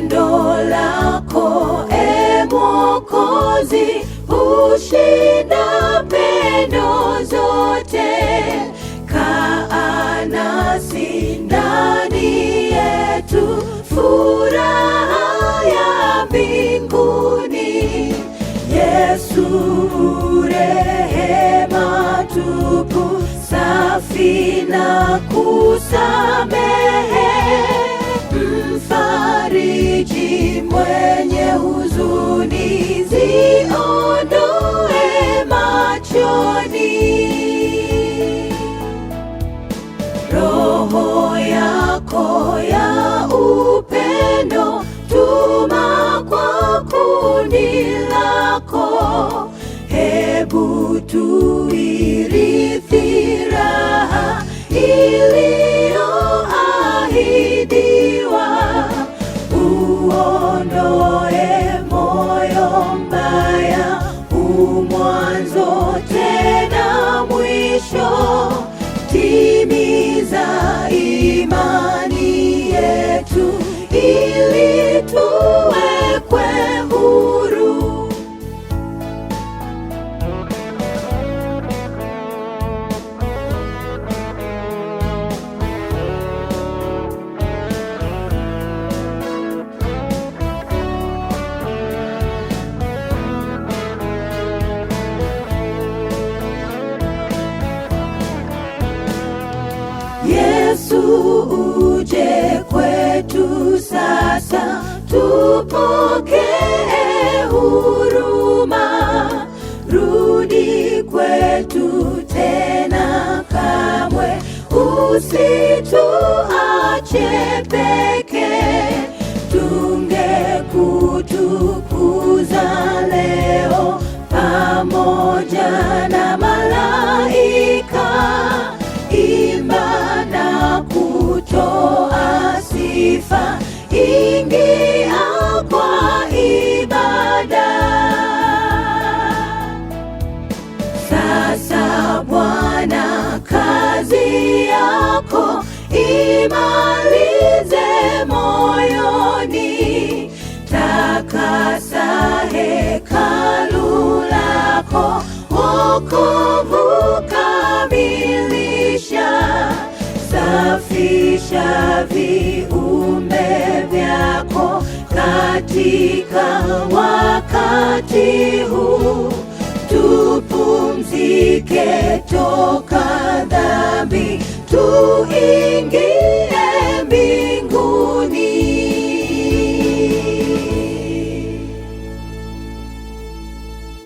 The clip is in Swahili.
Pendo lako e Mwokozi hushinda pendo zote. Kaa nasi ndani yetu, furaha ya mbinguni. Yesu rehema tupu, safi na kusame yako ya upendo, tuma kwa kundi lako, hebu tuirithi raha iliyoahidiwa, uondoe moyo mbaya umwa Yesu uje kwetu sasa, tupokee huruma. Rudi kwetu tena, kamwe usituache peke tu Sasa Bwana, kazi yako imalize moyoni, takasa hekalu lako, wokovu kamilisha, safisha viumbe vyako katika wakati huu tupumzike toka